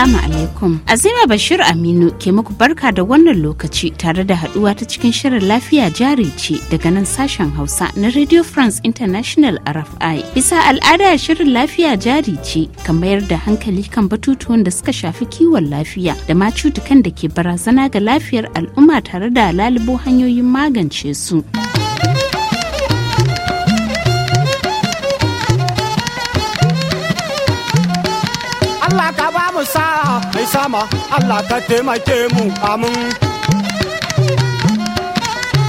Assalamu alaikum. Azima Bashir Aminu ke muku barka da wannan lokaci tare da haduwa ta cikin shirin lafiya jari ce daga nan sashen Hausa na Radio France International RFI. Bisa al'ada shirin lafiya jari ce kan mayar da hankali kan batutuwan da suka shafi kiwon lafiya da ma cutukan da ke barazana ga lafiyar al'umma tare da lalubo hanyoyin magance su. mu sa'a mai sama Allah ka taimake mu amin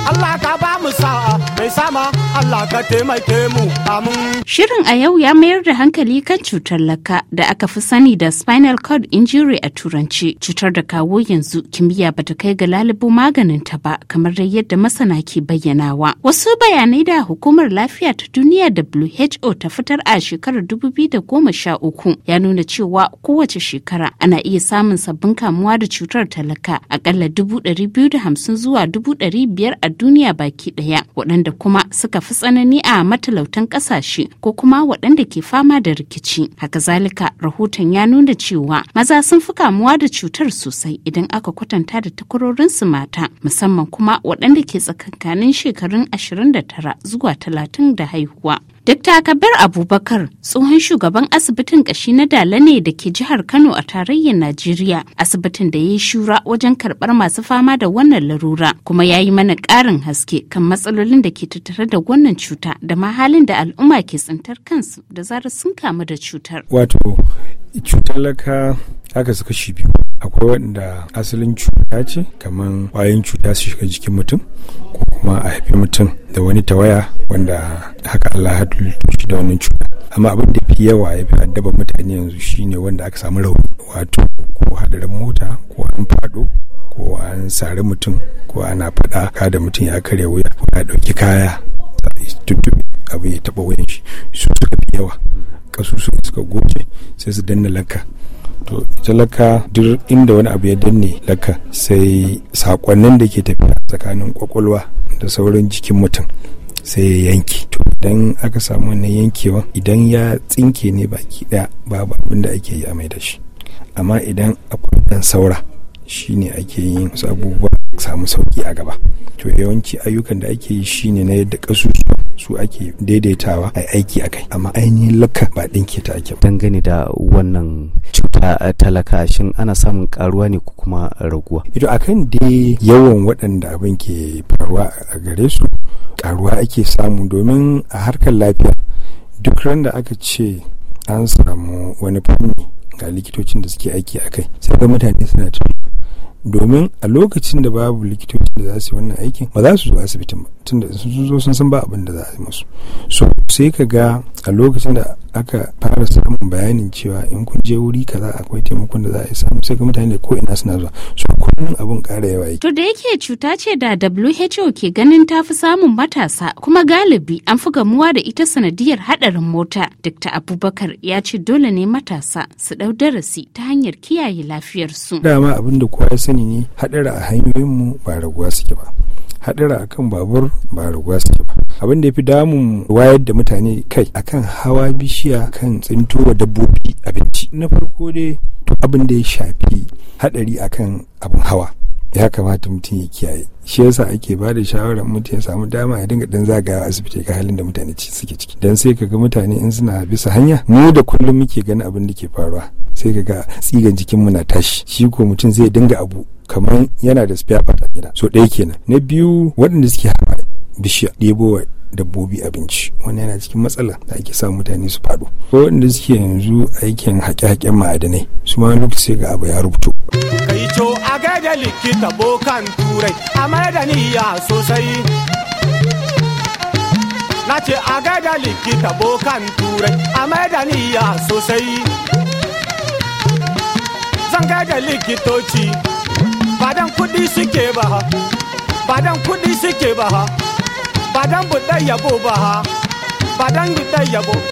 Allah ka ba mu sa'a mai sama Allah ka taimake mu amin. Shirin a yau ya mayar da hankali kan cutar laka da aka fi sani da spinal cord injury a turanci cutar da kawo yanzu kimiyya ba ta kai ga lalubo maganin ta ba kamar dai yadda masana ke bayyanawa. Wasu bayanai da hukumar lafiya ta duniya WHO ta fitar a shekarar 2013 ya nuna cewa kowace shekara ana iya samun sabbin kamuwa da cutar talaka akalla 250 zuwa 500 a duniya baki ɗaya waɗanda kuma suka fi tsanani a matalautan ƙasashe ko kuma waɗanda ke fama da rikici. Haka zalika rahoton ya nuna cewa maza sun fi kamuwa da cutar sosai idan aka kwatanta da takwarorinsu mata musamman kuma waɗanda ke tsakankanin shekarun 29 zuwa 30 da haihuwa. duk Kabir Abubakar tsohon shugaban asibitin kashi na Dala ne da ke jihar Kano a tarayyar Najeriya, asibitin da ya yi shura wajen karbar masu fama da wannan larura, kuma ya yi mana karin haske kan matsalolin da ke tattare da wannan cuta da mahalin da al'umma ke tsintar kansu da zarar sun kamu da cutar. Wato, cutar laka haka suka shi biyu. akwai wanda asalin cuta ce kamar kwayoyin cuta su shiga jikin mutum ko kuma a haifi mutum da wani tawaya wanda haka Allah ya shi da wannan cuta amma abin da fi yawa ya fi addaba mutane yanzu shine wanda aka samu rauni wato ko hadarin mota ko an fado ko an sari mutum ko ana faɗa ka da mutum ya karya wuya ko ya ɗauki kaya tuttuɓe abu ya taɓa wuyan shi su suka fi yawa su suka goce sai su danna lanka to ita laka duk inda wani abu ya danne laka sai sakonnin da ke tafiya tsakanin kwakwalwa da sauran jikin mutum sai ya yanki to idan aka samu wannan yankewa idan ya tsinke ne baki daya babu abin da ake yi a mai da shi amma idan akwai dan saura shine ake yin abubuwa samu sauki a gaba to yawanci ayyukan da ake yi shine na yadda kasusuwa su ake daidaitawa a aiki a kai amma ainihin lakka ba ɗinke ta ake dangane da wannan cuta talaka shin ana samun karuwa ne ko kuma raguwa ido akan dai yawan waɗanda abin ke faruwa a gare su karuwa ake samu domin a harkar lafiya duk ran da aka ce an samu wani fanni ga likitocin da suke aiki a kai sai ga mutane suna ta domin a lokacin da babu likitocin da za su yi wannan aikin ba za su zo asibitin ba tunda sun zo sun san ba abin da za a yi musu so sai ka ga a lokacin da aka fara samun bayanin cewa in kun je wuri kaza akwai taimakon da za a samu sai ga mutane da ko ina suna zuwa so kullum abun kara yawa yake. To da yake cuta ce da WHO ke ganin ta fi samun matasa kuma galibi an fi gamuwa da ita sanadiyar hadarin mota. Dr. Abubakar ya ce dole ne matasa su dau darasi ta hanyar kiyaye lafiyarsu. Dama abin da kowa ya sani ne hadara a hanyoyinmu ba raguwa suke ba. hadara akan babur ba raguwa suke ba. abin da ya fi damun wayar da mutane kai akan hawa bishiya kan tsintowa dabbobi abinci na farko dai abin da ya shafi hadari akan abin hawa ya kamata mutum ya kiyaye shi yasa ake ba da shawarar mutum ya samu dama ya dinga dan zagawa asibiti ga halin da mutane suke ciki dan sai kaga mutane in suna bisa hanya mu da kullum muke ganin abin da ke faruwa sai kaga tsigan mu na tashi shi ko mutum zai dinga abu kamar yana da spare part a gida so ɗaya kenan na biyu waɗanda suke bishiya ɗebo wa dabbobi abinci wannan yana cikin matsala da ake sa mutane su faɗo ko wanda suke yanzu aikin haƙe-haƙen ma'adanai su ma lokaci ga abu ya rubuto kai to a gaida likita bokan turai a da niyya sosai na ce a gaida likita bokan turai a da niyya sosai zan gaida likitoci badan kuɗi suke ba badan kuɗi suke ba ba dan buɗe yabo ba ha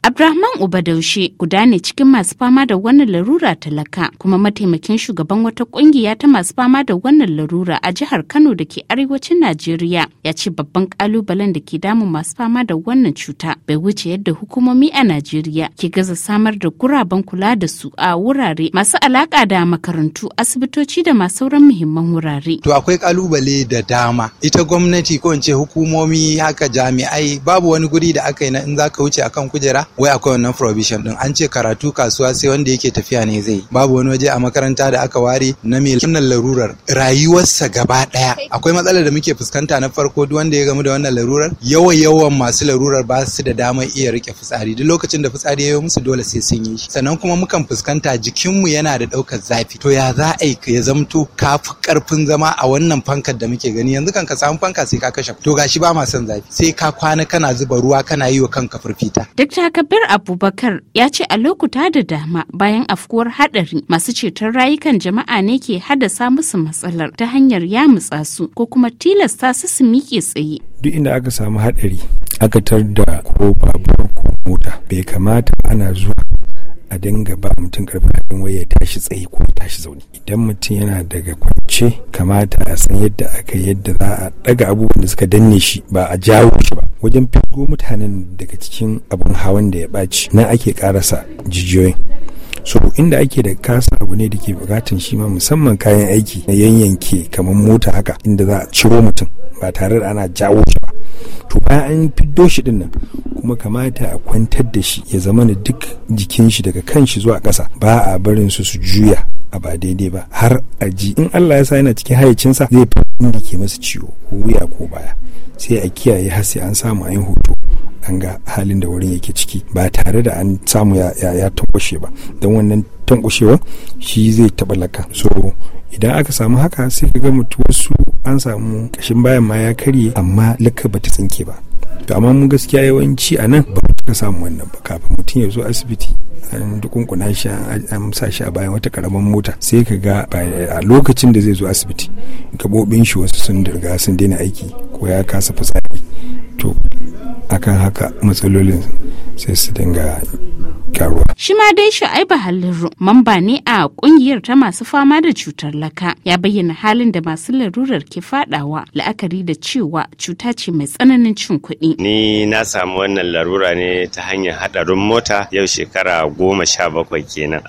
Abrahman Ubadaushe guda ne cikin masu fama da wannan larura talaka kuma mataimakin shugaban wata kungiya ta masu fama da wannan larura a jihar Kano da ke arewacin Najeriya ya ce babban kalubalen da ke damu masu fama da wannan cuta bai wuce yadda hukumomi a Najeriya ke gaza samar da guraben kula da su a wurare masu alaka da makarantu asibitoci da masu sauran muhimman wurare. To akwai kalubale da dama ita gwamnati ko in ce hukumomi haka jami'ai babu wani guri da aka yi na in za ka wuce akan kujera wai akwai wannan provision din an ce karatu kasuwa sai wanda yake tafiya ne zai babu wani waje a makaranta da aka ware na mai wannan larurar rayuwarsa gaba daya akwai matsalar da muke fuskanta na farko duk wanda ya gamu da wannan larurar yawa yawan masu larurar ba su da damar iya rike fitsari duk lokacin da fitsari ya yi musu dole sai sun yi shi sannan kuma mukan fuskanta jikinmu yana da daukar zafi to ya za a yi ya zamto ka fi ƙarfin zama a wannan fankar da muke gani yanzu kan ka samu fanka sai ka kashe to gashi ba ma son zafi sai ka kwana kana zuba ruwa kana yi wa kan kafar fita. Kabir Abubakar ya ce a lokuta da dama bayan afkuwar hadari masu ceton rayukan jama'a ne ke haddasa musu matsalar ta hanyar mutsa su ko kuma tilasta su su miƙe tsaye. Duk inda aka samu hadari aka tar da ko babur ko mota bai kamata ana zuwa a dinga ba mutum karfin halin wai ya tashi tsaye ko tashi zaune idan mutum yana daga kwance kamata a san yadda aka yadda za a daga abubuwan da suka danne shi ba a jawo shi ba wajen figo mutanen daga cikin abun hawan da ya ɓaci na ake karasa jijiyoyin so inda ake da kasa abu ne da ke bukatan shi ma musamman kayan aiki na yanyanke kamar mota haka inda za a ciro mutum ba tare da ana jawo shi to bayan an fiddo shi din nan kuma kamata a kwantar da shi ya zama na duk jikin shi daga kan shi zuwa ƙasa ba a barin su su juya a ba daidai ba har a ji in Allah ya sa yana cikin hayacinsa zai fi ke masa ciwo ko wuya ko baya sai a kiyaye har sai an samu ayin hoto an ga halin da wurin yake ciki ba tare da an samu ya tankushe ba don wannan tankwashewa shi zai taba laka so idan aka samu haka sai ka ga mutu wasu an samu kashin bayan ma ya karye amma laka ba ta tsinke ba to amma mun gaskiya yawanci a nan ba ka samu wannan ba kafin mutum ya zo asibiti an dukunkuna shi an sa shi a bayan wata karamar mota sai ka ga a lokacin da zai zo asibiti gabobin shi wasu sun dirga sun daina aiki ko ya kasa fitsari to akan haka matsalolin sai su dinga karuwa. Shi ma dai Shu'aibu Halliru mamba ne a kungiyar ta masu fama da cutar laka ya bayyana halin da masu larurar ke fadawa la'akari da cewa cuta ce mai tsananin cin kuɗi. Ni na samu wannan larura ne ta hanyar hadarin mota yau shekara goma sha bakwai kenan.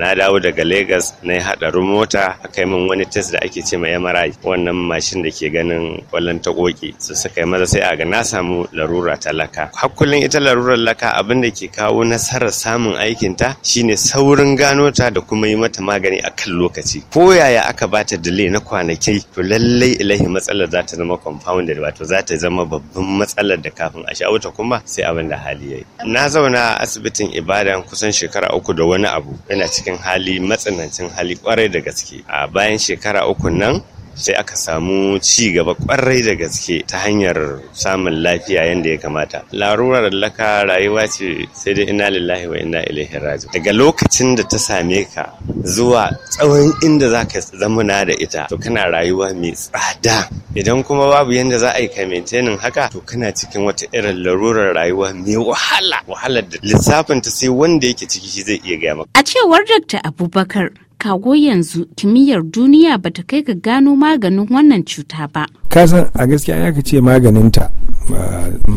Na dawo daga Legas na yi hadarin mota a kai min wani test da ake ce ma MRI wannan mashin da ke ganin kwallon ta koki su suka yi maza sai a ga na samu larura ta laka. Hakkulin ita larurar laka abin da ke kawo nasarar samun aikinta shine saurin gano ta da kuma yi mata magani a kan lokaci ko yaya aka bata delay na kwanaki to lallai ilahi matsalar za ta zama compounded wato za ta zama babban matsalar da kafin a sha wata kuma sai abin da hali yayi na zauna a asibitin ibadan kusan shekara uku da wani abu ina cikin hali matsanancin hali kwarai da gaske a bayan shekara uku nan sai aka samu ci gaba kwarai da gaske ta hanyar samun lafiya yadda ya kamata larurar laka rayuwa ce sai dai ina lillahi wa ina ilaihi raji daga lokacin da ta same ka zuwa tsawon inda za ka zamana da ita to kana rayuwa mai tsada idan kuma babu yadda za a yi ka maintaining haka to kana cikin wata irin larurar rayuwa mai wahala wahalar da lissafin ta sai wanda yake ciki shi zai iya gaya maka a cewar Dr. Abubakar kago yanzu kimiyyar duniya ba ta kai ga gano maganin wannan cuta ba. kasan a gaskiya ya ce maganinta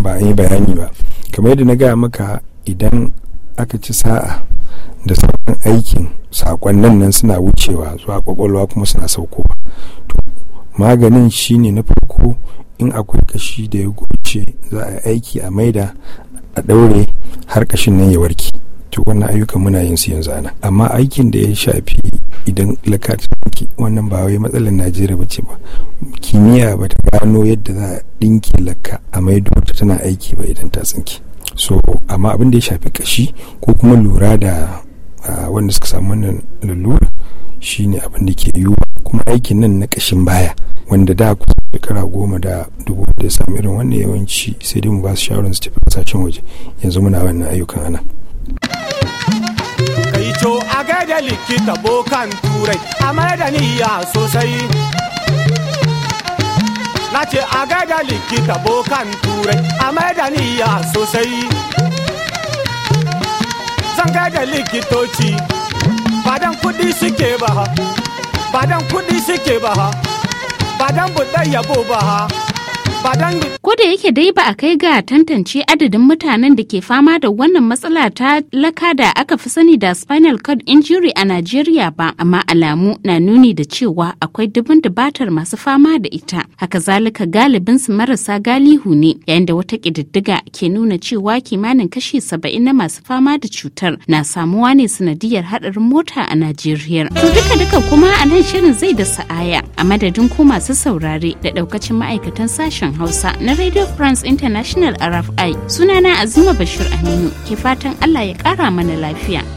ba yi bayani ba kamar yadda na gaya maka idan aka ci sa'a da sauran aikin sakonnin nan suna wucewa zuwa kwakwalwa kuma suna sauko to maganin shine na farko in akwai kashi da ya goce za a yi aiki a maida a ɗaure har kashin nan ya warke to wannan ayyukan muna yin su yanzu ana amma aikin da ya shafi idan lakatinki wannan ba wai matsalar najeriya ba ce ba kimiyya ba ta gano yadda za a ɗinki lakka a maido ta tana aiki ba idan ta tsinki so amma abin da ya shafi kashi ko kuma lura da wanda suka samu wannan lalura shine abin da ke yiwu kuma aikin nan na kashin baya wanda da ku shekara goma da dubu da ya sami irin wannan yawanci sai dai mu ba su shawarar su tafi kasashen waje yanzu muna wannan ayyukan ana da likita bokan turai a da niyya sosai na ce a da likita bokan turai a da niyya sosai zan da likitoci badan kudi suke ba badan kudi suke ba badan buɗe yabo ba Ko da yake dai ba a kai ga tantance adadin mutanen da ke fama da wannan matsala ta laka da aka fi sani da spinal cord injury a Najeriya ba, amma alamu na nuni da cewa akwai dubin dubatar masu fama da ita. Haka zalika galibin su marasa galihu ne, yayin da wata ƙididdiga ke nuna cewa kimanin kashi saba'in na masu fama da cutar na samuwa ne sanadiyar haɗarin mota a Najeriya. To duka duka kuma a nan shirin zai da sa'aya a madadin ko masu saurare da ɗaukacin ma'aikatan sashen sashen Hausa na Radio France International RFI. Sunana Azima Bashir Aminu ke fatan Allah ya kara mana lafiya.